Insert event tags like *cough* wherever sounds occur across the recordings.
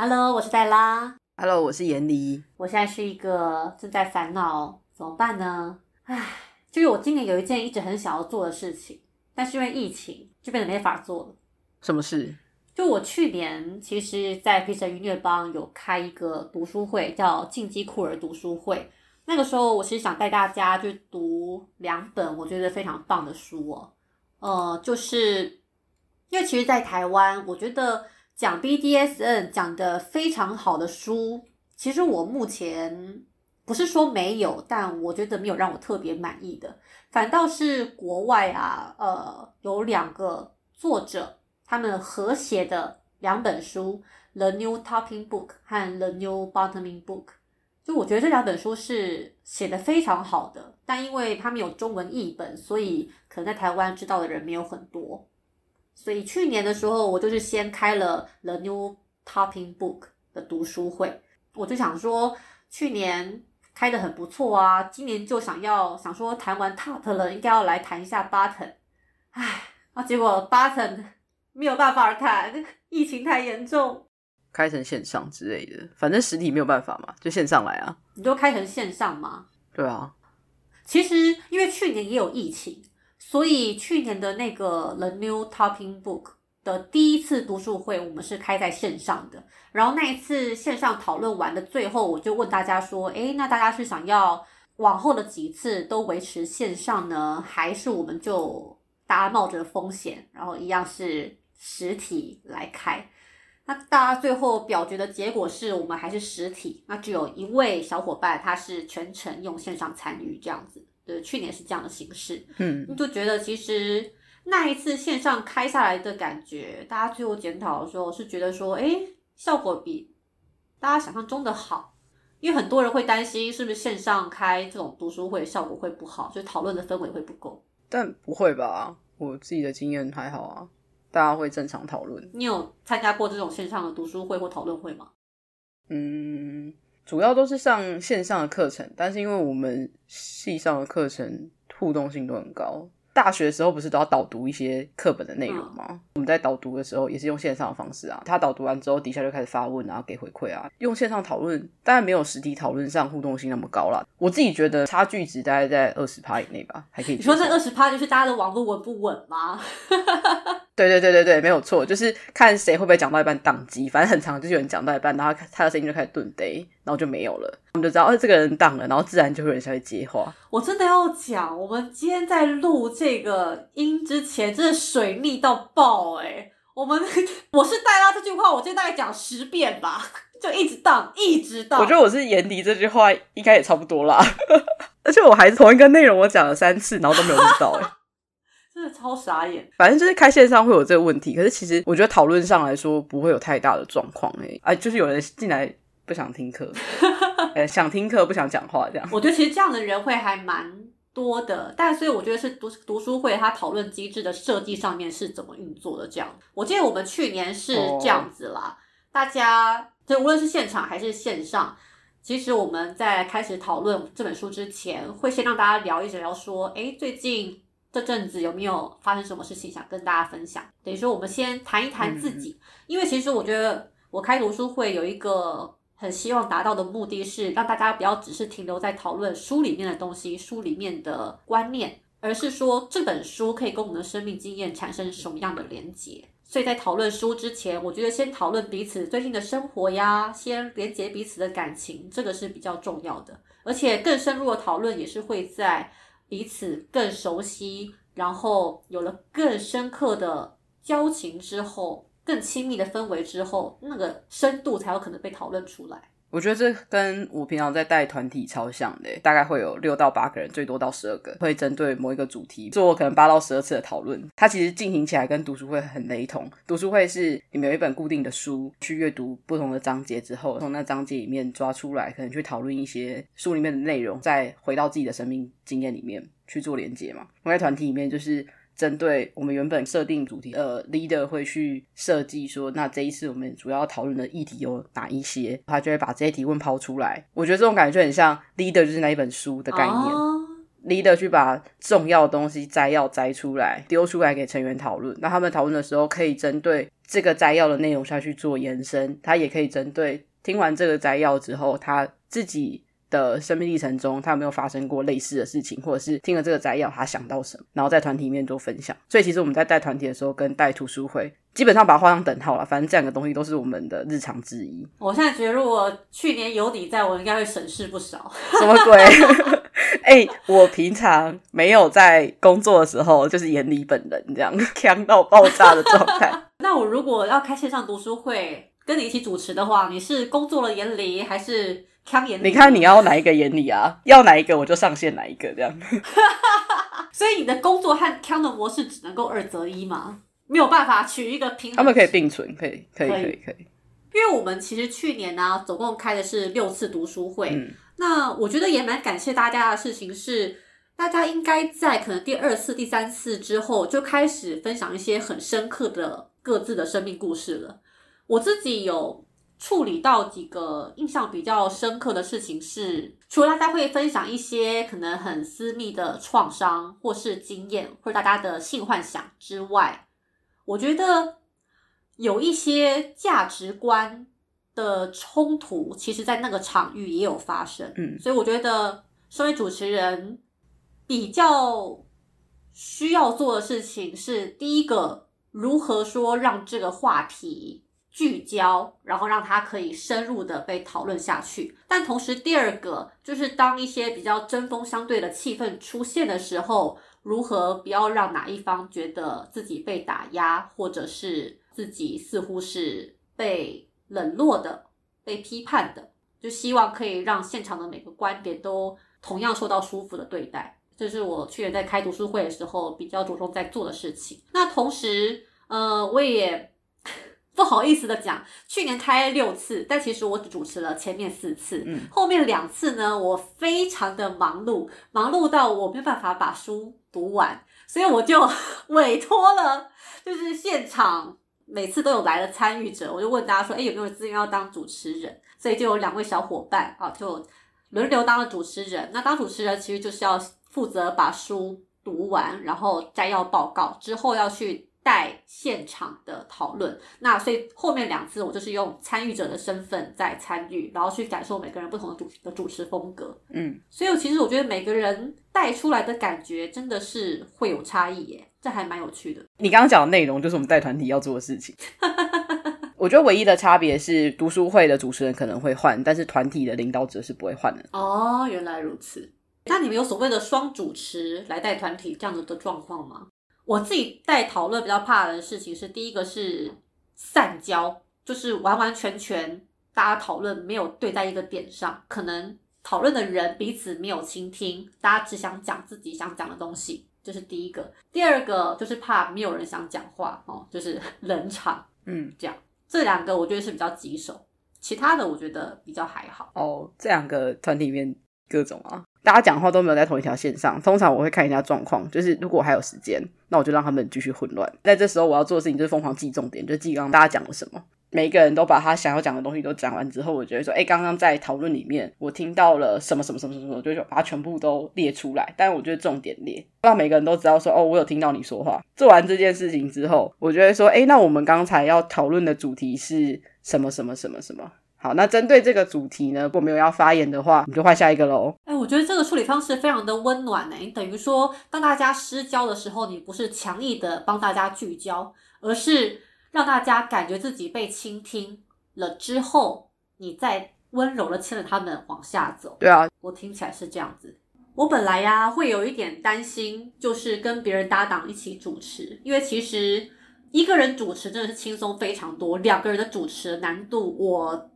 哈囉，我是黛拉。哈囉，我是炎璃。我現在是一個正在煩惱怎麼辦呢？唉，就是我今年有一件一直很想要做的事情，但是因為疫情就變得沒法做了。什麼事？就我去年其實在，在皮城愉虐幫有開一個讀書會，叫“禁羈酷兒讀書會”。那個時候，我其實想帶大家去讀兩本我覺得非常棒的書哦。呃，就是因為其實，在台灣，我覺得。講 BDSM 講的非常好的書，其實我目前不是說沒有，但我覺得沒有讓我特別滿意的，反倒是國外啊，呃，有兩個作者他們合寫的兩本書《The New Topping Book》和《The New Bottoming Book》，就我覺得這兩本書是寫的非常好的，但因為他們沒有中文譯本，所以可能在台灣知道的人沒有很多。所以去年的時候，我就是先開了《The New Topping Book》的讀書會，我就想說，去年開得很不錯啊，今年就想要想說談完 Top 了，應該要來談一下 Bottom。唉，啊，結果 Bottom 沒有辦法談，疫情太嚴重，開成線上之類的，反正實體沒有辦法嘛，就線上來啊。你都開成線上嗎？對啊，其實因為去年也有疫情。所以去年的那個《The New Topping Book》的第一次讀書會，我們是開在線上的。然後那一次線上討論完的最後，我就問大家說：“誒，那大家是想要往後的幾次都維持線上呢，還是我們就大家冒着風險，然後一樣是實體來開？”那大家最後表決的結果是我們還是實體。那只有一位小夥伴，他是全程用線上參與這樣子。去年是這樣的形式，嗯，你就覺得其實那一次線上開下來的感覺，大家最後檢討的時候是覺得說，欸，效果比大家想象中的好。因為很多人會擔心是不是線上開這種讀書會效果會不好，所以討論的氛圍會不夠。但不會吧，我自己的經驗還好啊，大家會正常討論。你有參加過這種線上的讀書會或討論會嗎？嗯。主要都是上線上的課程，但是因為我們系上的課程互動性都很高。大學的時候不是都要導讀一些課本的內容嗎？嗯。我們在導讀的時候也是用線上的方式啊。他導讀完之後，底下就開始發問啊，給回饋啊，用線上討論，當然沒有實體討論上互動性那麼高啦。我自己覺得差距值大概在二十趴以內吧，還可以。你說這二十趴就是大家的網絡穩不穩嗎？ *laughs* 對對對對對，沒有錯，就是看誰會不會講到一半宕機，反正很長，就是有人講到一半，然後他的聲音就開始頓呆，然後就沒有了，我們就知道哎、哦，這個人宕了，然後自然就會有人下去接話。我真的要講，我們今天在錄這個音之前，真的水逆到爆哎、欸！我們我是黛拉這句話，我今天大概講十遍吧，就一直宕，一直宕。我覺得我是炎璃這句話，應該也差不多啦。 *laughs* 而且我還是同一個內容，我講了三次，然後都沒有錄到、欸 *laughs* 超傻眼，反正就是開線上會有這個問題，可是其實我覺得討論上來說不會有太大的狀況哎啊，就是有人進來不想聽課，呃、 *laughs* 欸，想聽課不想講話這樣。我覺得其實這樣的人會還蠻多的，但所以我覺得是讀讀書會他討論機制的設計上面是怎麼運作的這樣。我記得我們去年是這樣子啦，oh. 大家就無論是現場還是線上，其實我們在開始討論這本書之前，會先讓大家聊一聊，說、欸、哎最近。這陣子有沒有發生什麼事情想跟大家分享？等於說我們先談一談自己，嗯，因為其實我覺得我開讀書會有一個很希望達到的目的，是讓大家不要只是停留在討論書裡面的東西、書裡面的觀念，而是說這本書可以跟我們的生命經驗產生什麼樣的連結。所以在討論書之前，我覺得先討論彼此最近的生活呀，先連結彼此的感情，這個是比較重要的，而且更深入的討論也是會在。彼此更熟悉，然後有了更深刻的交情之後，更親密的氛圍之後，那個深度才有可能被討論出來。我覺得這跟我平常在帶團體超像的，大概會有六到八個人，最多到十二個，會針對某一個主題做可能八到十二次的討論。它其實進行起來跟讀書會很雷同，讀書會是你們有一本固定的書去閱讀不同的章節之後，從那章節裡面抓出來，可能去討論一些書裡面的內容，再回到自己的生命經驗裡面去做連接嘛。我在團體裡面就是。針對我們原本設定主題，呃，leader 會去設計說，那這一次我們主要討論的議題有哪一些，他就會把這些提問拋出來。我覺得這種感覺就很像 leader 就是那一本書的概念。Oh，leader 去把重要的東西摘要摘出來，丟出來給成員討論。那他們討論的時候，可以針對這個摘要的內容下去做延伸，他也可以針對聽完這個摘要之後，他自己，的生命歷程中，他有沒有發生過類似的事情，或者是聽了這個摘要，他想到什麼，然後在團體裡面做分享。所以，其實我們在帶團體的時候，跟帶讀書會基本上把它畫上等號了。反正這兩個東西都是我們的日常之一。我現在覺得，如果去年有你在我，應該會省事不少。什麼鬼？哎、 *laughs* 欸，我平常沒有在工作的時候，就是炎璃本人這樣鏘到爆炸的狀態。 *laughs* 那我如果要開線上讀書會，跟你一起主持的話，你是工作了？炎璃還是？你看你要哪一個眼裡啊？ *laughs* 要哪一個我就上線哪一個這樣 *laughs* 。 *laughs* 所以你的工作和康的模式只能夠二擇一嘛，沒有辦法取一個平衡。他們可以並存，可以，可以，可以，可以，可以。因為我們其實去年呢、啊，總共開的是六次讀書會。嗯、那我覺得也蠻感謝大家的事情是，大家應該在可能第二次、第三次之後，就開始分享一些很深刻的各自的生命故事了。我自己有。處理到幾個印象比較深刻的事情是，除了大家會分享一些可能很私密的創傷或是經驗，或者大家的性幻想之外，我覺得有一些價值觀的衝突，其實在那個場域也有發生。嗯，所以我覺得，身為主持人，比較需要做的事情是，第一個，如何說讓這個話題聚焦，然後讓他可以深入的被討論下去。但同時，第二個就是當一些比較針鋒相對的氣氛出現的時候，如何不要讓哪一方覺得自己被打壓，或者是自己似乎是被冷落的、被批判的？就希望可以讓現場的每個觀點都同樣受到舒服的對待。這是我去年在開讀書會的時候比較着重在做的事情。那同時，呃，我也。不好意思的講，去年開六次，但其實我主持了前面四次，嗯，後面兩次呢，我非常的忙碌，忙碌到我沒有辦法把書讀完，所以我就委託了，就是現場每次都有來的參與者，我就問大家說，哎，有沒有資源要當主持人？所以就有兩位小夥伴啊、哦，就輪流當了主持人。那當主持人其實就是要負責把書讀完，然後摘要報告，之後要去。在現場的討論，那所以後面兩次我就是用參與者的身份在參與，然後去感受每個人不同的主的主持風格。嗯，所以我其實我覺得每個人帶出來的感覺真的是會有差異耶，這還蠻有趣的。你剛剛講的內容就是我們帶團體要做的事情。 *laughs* 我覺得唯一的差別是讀書會的主持人可能會換，但是團體的領導者是不會換的。哦，原來如此。那你們有所謂的雙主持來帶團體這樣的狀況嗎？我自己帶討論比較怕的事情是，第一個是散焦，就是完完全全大家討論沒有對在一個點上，可能討論的人彼此沒有傾聽，大家只想講自己想講的東西，這、就是第一個。第二個就是怕沒有人想講話哦，就是冷場，嗯，這樣這兩個我覺得是比較棘手，其他的我覺得比較還好。哦，這兩個團體裡面各種啊。大家講話都沒有在同一條線上。通常我會看一下狀況，就是如果還有時間，那我就讓他們繼續混亂。在這時候，我要做的事情就是瘋狂記重點，就記剛剛大家講了什麼。每一個人都把他想要講的東西都講完之後，我覺得說，哎、欸，剛剛在討論裡面，我聽到了什麼什麼什麼什麼，我就把它全部都列出來。但我覺得重點列，讓每個人都知道說，哦，我有聽到你說話。做完這件事情之後，我覺得說，哎、欸，那我們剛才要討論的主題是什麼什麼什麼什麼。好，那針對這個主題呢，如果沒有要發言的話，我們就換下一個嘍。哎、欸，我覺得這個處理方式非常的溫暖誒、欸，等於說，當大家失焦的時候，你不是強硬的幫大家聚焦，而是讓大家感覺自己被傾聽了之後，你再溫柔的牽着他們往下走。對啊，我聽起來是這樣子。我本來呀、啊、會有一點擔心，就是跟別人搭檔一起主持，因為其實一個人主持真的是輕鬆非常多，兩個人的主持的難度我。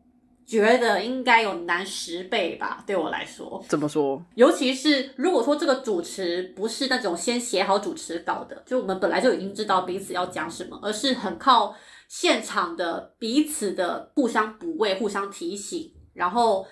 覺得應該有難十倍吧，對我來說。怎麼說？尤其是如果說這個主持不是那種先寫好主持稿的，就我們本來就已經知道彼此要講什麼，而是很靠現場的彼此的互相補位、互相提醒，然後，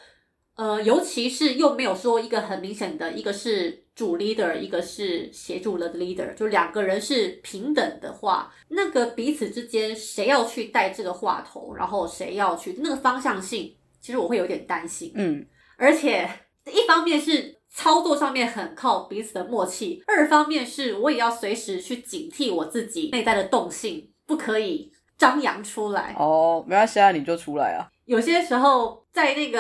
呃，尤其是又沒有說一個很明顯的一個是。主 leader 一個是協助了 leader，就兩個人是平等的話，那個彼此之間誰要去帶這個話頭，然後誰要去那個方向性，其實我會有點擔心，嗯，而且一方面是操作上面很靠彼此的默契，二方面是我也要隨時去警惕我自己內在的動性，不可以張揚出來。哦，沒關係啊，你就出來啊。有些時候，在那個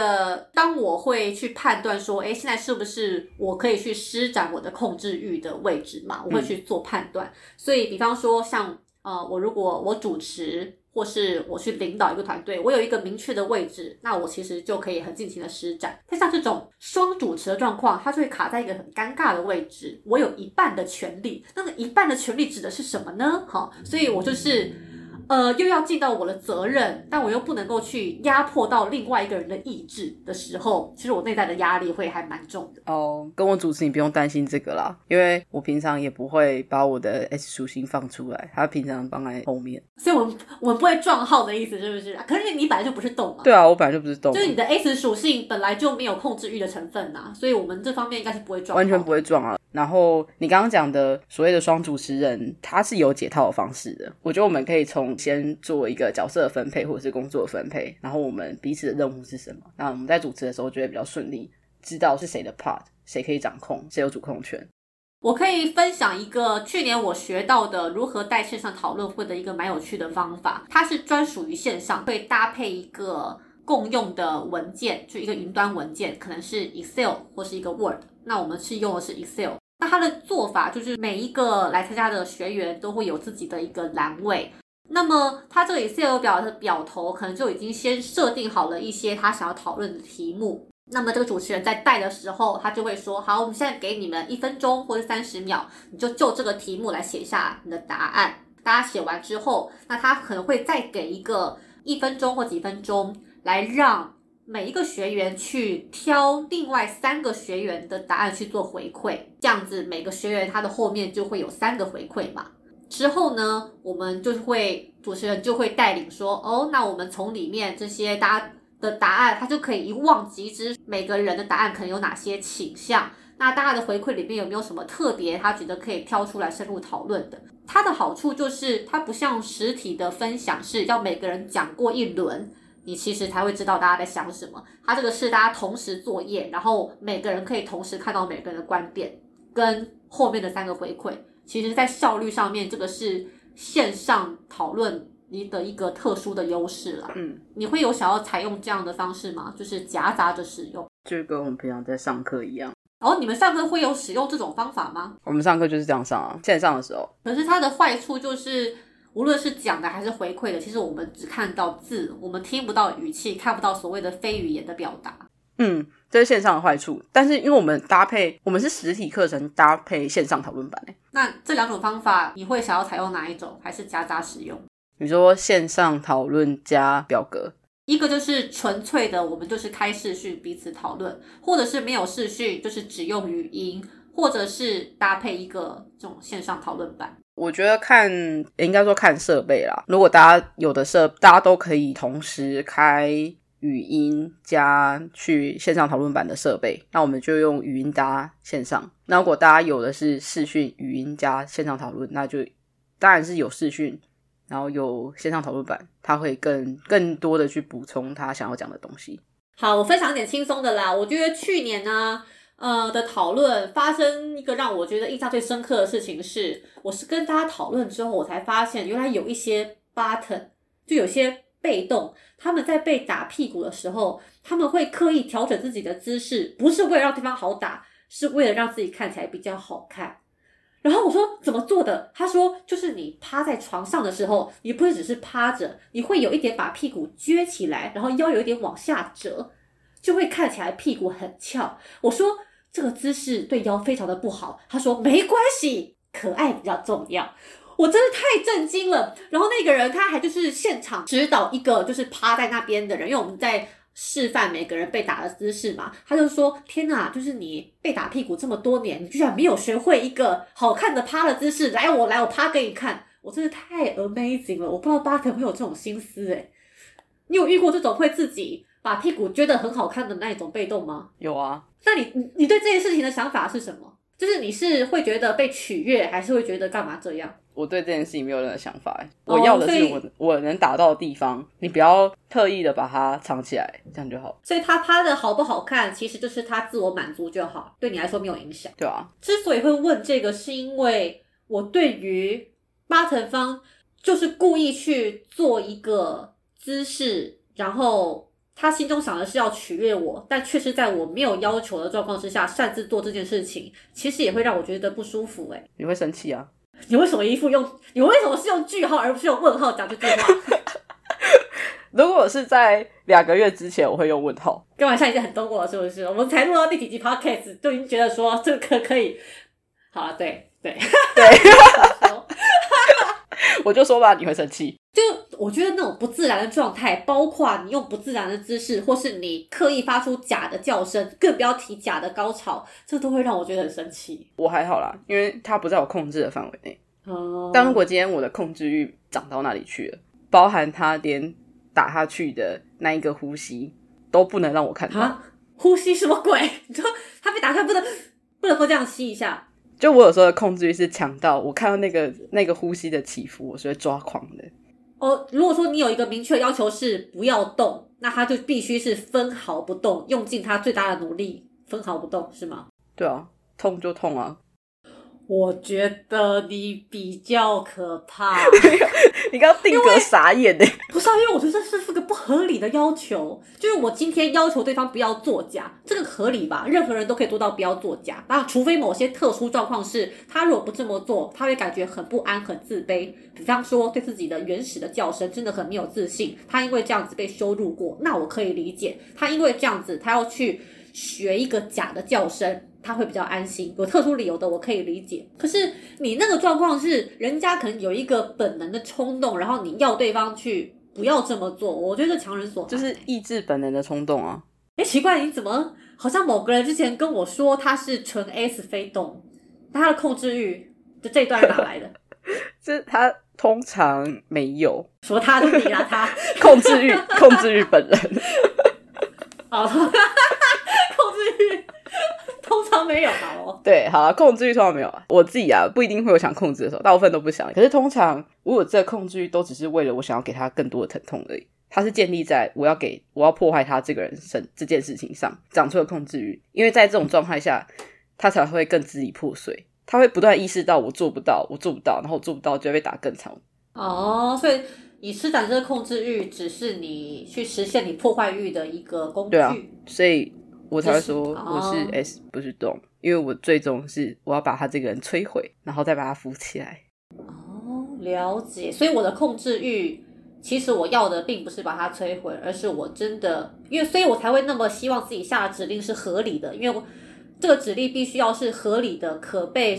當我會去判斷說，誒，現在是不是我可以去施展我的控制欲的位置嘛？我會去做判斷。嗯、所以，比方說像，像呃，我如果我主持或是我去領導一個團隊，我有一個明確的位置，那我其實就可以很盡情的施展。但像這種雙主持的狀況，它就會卡在一個很尷尬的位置。我有一半的權利，那麼、個、一半的權利指的是什麼呢？好、哦，所以我就是。嗯呃，又要盡到我的責任，但我又不能夠去壓迫到另外一個人的意志的時候，其實我內在的壓力會還蠻重的。哦、嗯，跟我主持你不用擔心這個啦，因為我平常也不會把我的 S 屬性放出來，他平常放在後面。所以，我們我們不會撞號的意思是不是？可是你本來就不是動嘛。對啊，我本來就不是動。就是你的 S 屬性本來就沒有控制欲的成分吶，所以我們這方面應該是不會撞號，完全不會撞啊。然後你剛剛講的所謂的雙主持人，他是有解套的方式的。我覺得我們可以從先做一個角色的分配或者是工作的分配，然後我們彼此的任務是什麼？那我們在主持的時候，就會比較順利，知道是誰的 part，誰可以掌控，誰有主控權。我可以分享一個去年我學到的如何在線上討論會的一個蠻有趣的方法，它是專屬於線上，會搭配一個共用的文件，就一個雲端文件，可能是 Excel 或是一個 Word。那我們是用的是 Excel。那他的做法就是每一個來參加的學員都會有自己的一個欄位，那麼他這裡 sale 表的表頭可能就已經先設定好了一些他想要討論的題目，那麼這個主持人在帶的時候，他就會說：好，我們現在給你們一分鐘或者三十秒，你就就這個題目來寫下你的答案。大家寫完之後，那他可能會再給一個一分鐘或幾分鐘來讓。每一個學員去挑另外三個學員的答案去做回饋，這樣子每個學員他的後面就會有三個回饋嘛。之後呢，我們就會，主持人就會帶領說，哦，那我們從裡面這些大家的答案，他就可以一望即知每個人的答案可能有哪些傾向。那大家的回饋裡面有沒有什麼特別，他覺得可以挑出來深入討論的？他的好處就是他不像實體的分享式，是要每個人講過一輪。你其實才會知道大家在想什麼。它這個是大家同時作業，然後每個人可以同時看到每個人的觀點跟後面的三個回饋。其實，在效率上面，這個是線上討論你的一個特殊的優勢啦。嗯，你會有想要採用這樣的方式嗎？就是夾雜着使用，就是跟我們平常在上課一樣。哦，你們上課會有使用這種方法嗎？我們上課就是這樣上啊，線上的時候。可是它的壞處就是。無論是講的還是回饋的，其實我們只看到字，我們聽不到語氣，看不到所謂的非語言的表達。嗯，這是線上的壞處。但是因為我們搭配，我們是實體課程搭配線上討論版誒。那這兩種方法，你會想要採用哪一種？還是夾雜使用？比如說線上討論加表格，一個就是純粹的，我們就是開視訊彼此討論，或者是沒有視訊，就是只用語音，或者是搭配一個這種線上討論版。我覺得看，欸、應該說看設備啦。如果大家有的設，大家都可以同時開語音加去線上討論版的設備，那我們就用語音搭線上。那如果大家有的是視訊語音加線上討論，那就當然是有視訊，然後有線上討論版，他會更更多的去補充他想要講的東西。好，我分享點輕鬆的啦。我覺得去年呢、啊。呃的討論發生一個讓我覺得印象最深刻的事情是，我是跟大家討論之後，我才發現原來有一些 bottom 就有些被動，他們在被打屁股的時候，他們會刻意調整自己的姿勢，不是為了讓對方好打，是為了讓自己看起來比較好看。然後我說怎麼做的？他說就是你趴在床上的時候，你不會只是趴着，你會有一點把屁股撅起來，然後腰有一點往下折，就會看起來屁股很翹。我說，這個姿勢對腰非常的不好。他說沒關係，可愛比較重要。我真的太震驚了。然後那個人他還就是現場指導一個就是趴在那邊的人，因為我們在示範每個人被打的姿勢嘛。他就說：天哪，就是你被打屁股這麼多年，你居然沒有學會一個好看的趴的姿勢？來我，我來，我趴給你看。我真的太 amazing 了。我不知道大家有沒有這種心思哎、欸？你有遇過這種會自己把屁股撅得很好看的那一種被動嗎？有啊。那你你你對這件事情的想法是什麼？就是你是會覺得被取悅，還是會覺得幹嘛這樣？我對這件事情沒有任何想法。oh, 我要的是我我能打到的地方，你不要特意的把它藏起來，這樣就好。所以他拍的好不好看，其實就是他自我滿足就好，對你來說沒有影響。對啊，之所以會問這個，是因為我對於八成方就是故意去做一個姿勢，然後，他心中想的是要取悅我，但卻是在我沒有要求的狀況之下擅自做這件事情，其實也會讓我覺得不舒服、欸。哎，你會生氣啊？你為什麼一副用？你為什麼是用句號而不是用問號講這句，句話？ *laughs* 如果是在兩個月之前，我會用問號。跟晚上已經很懂我了，是不是？我們才錄到第幾集 Podcast 就已經覺得說這個可以？好、啊，對對對，對 *laughs* 好笑 *laughs* 我就說吧，你會生氣。我覺得那種不自然的狀態，包括你用不自然的姿勢，或是你刻意發出假的叫聲，更不要提假的高潮，這都會讓我覺得很生氣。我還好啦，因為它不在我控制的範圍內。哦。但如果今天我的控制慾漲到哪裡去了，包含他連打下去的那一個呼吸都不能讓我看到，啊、呼吸什麼鬼？你 *laughs* 說他被打開不能不能夠這樣吸一下？就我有時候的控制慾是強到我看到那個那個呼吸的起伏，我是會抓狂的。哦，如果說你有一個明確要求是不要動，那他就必須是分毫不動，用盡他最大的努力，分毫不動，是嗎？對啊，痛就痛啊。我覺得你比較可怕， *laughs* 你剛剛定格傻眼呢。不是啊，因為我覺得這是一個不合理的要求。就是我今天要求對方不要作假，這個合理吧？任何人都可以做到不要作假，那除非某些特殊狀況是，他如果不這麼做，他會感覺很不安、很自卑。比方說，對自己的原始的叫聲真的很沒有自信，他因為這樣子被羞辱過，那我可以理解。他因為這樣子，他要去學一個假的叫聲。他會比較安心，有特殊理由的我可以理解。可是你那個狀況是，人家可能有一個本能的衝動，然後你要對方去不要這麼做，我覺得強人所就是抑制本能的衝動啊。哎，奇怪，你怎麼好像某個人之前跟我說他是純 S 非動，那他的控制欲就這一段哪來的？是 *laughs* 他通常沒有說他的你啦，他 *laughs* 控制欲控制欲本人。好、 *laughs* oh.。通常沒有吧、哦，哈哦對，好、啊、控制欲通常沒有。我自己啊，不一定會有想控制的時候，大部分都不想。可是通常，我有這個控制欲都只是為了我想要給他更多的疼痛而已。它是建立在我要給我要破壞他這個人生這件事情上長出的控制欲，因為在這種狀態下，他才會更支離破碎。他會不斷意識到我做不到，我做不到，然後我做不到就會被打更慘。哦，所以你施展這個控制欲，只是你去實現你破壞欲的一個工具。對啊，所以。我才會說我是 S 不是 D，哦，因為我最終的是我要把他這個人摧毀，然後再把他扶起來。哦，了解。所以我的控制欲，其實我要的並不是把他摧毀，而是我真的，因為所以我才會那麼希望自己下的指令是合理的，因為這個指令必須要是合理的、可被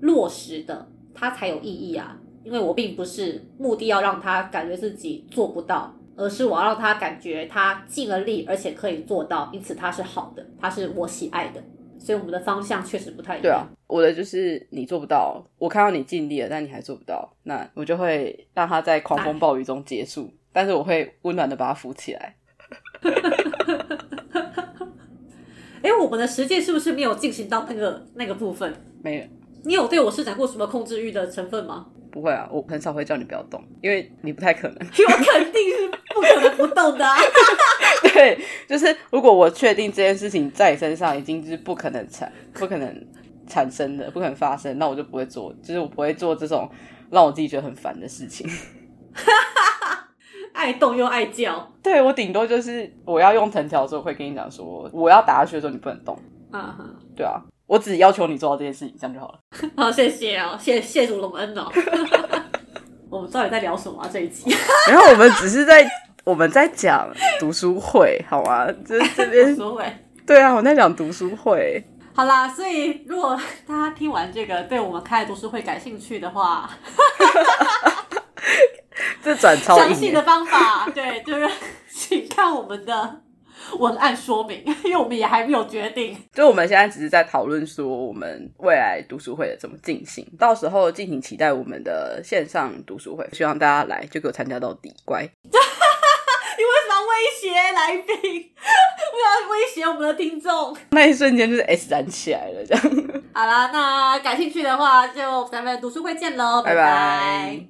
落實的，它才有意義啊。因為我並不是目的要讓他感覺自己做不到。而是我要讓他感覺他盡了力，而且可以做到，因此他是好的，他是我喜愛的。所以我們的方向確實不太一樣。對啊，我的就是你做不到，我看到你盡力了，但你還做不到，那我就會讓他在狂風暴雨中結束，但是我會溫暖的把他扶起來。哎，， *laughs* *laughs* 我們的實踐是不是沒有進行到那個那個部分？沒有。你有對我施展過什麼控制欲的成分嗎？不會啊，我很少會叫你不要動，因為你不太可能。 *laughs* *laughs* 我肯定是不可能不動的啊！ *laughs* 對，就是如果我確定這件事情在你身上已經是不可能產、不可能產生的、不可能發生，那我就不會做，就是我不會做這種讓我自己覺得很煩的事情。 *laughs* 愛動又愛叫，對，我頂多就是我要用藤條的時候會跟你講說，我要打下去的時候你不能動。嗯、uh-huh. 對啊。我只要求你做到這件事情，這樣就好了。好，oh，謝謝哦，謝謝主隆恩哦。 *laughs* *laughs* 我們到底在聊什麼啊？這一集。然後我們只是在 *laughs* 我們在講讀書會，好嗎？這這邊讀書會。對啊，我們在講讀書會。好啦，所以如果大家聽完這個，對我們開讀書會感興趣的話，這轉超詳細的方法， *laughs* 對，就是請看我們的。文案說明，因為我們也還沒有決定，就我們現在只是在討論說我們未來讀書會的怎麼進行，到時候敬請期待我們的線上讀書會，希望大家來就給我參加到底，乖。 *laughs* 你為什麼威脅來賓？為什麼威脅我們的聽眾？那一瞬間就是 S 燃起來了，這樣。好啦，那感興趣的話就咱們讀書會見嘍，拜拜。Bye bye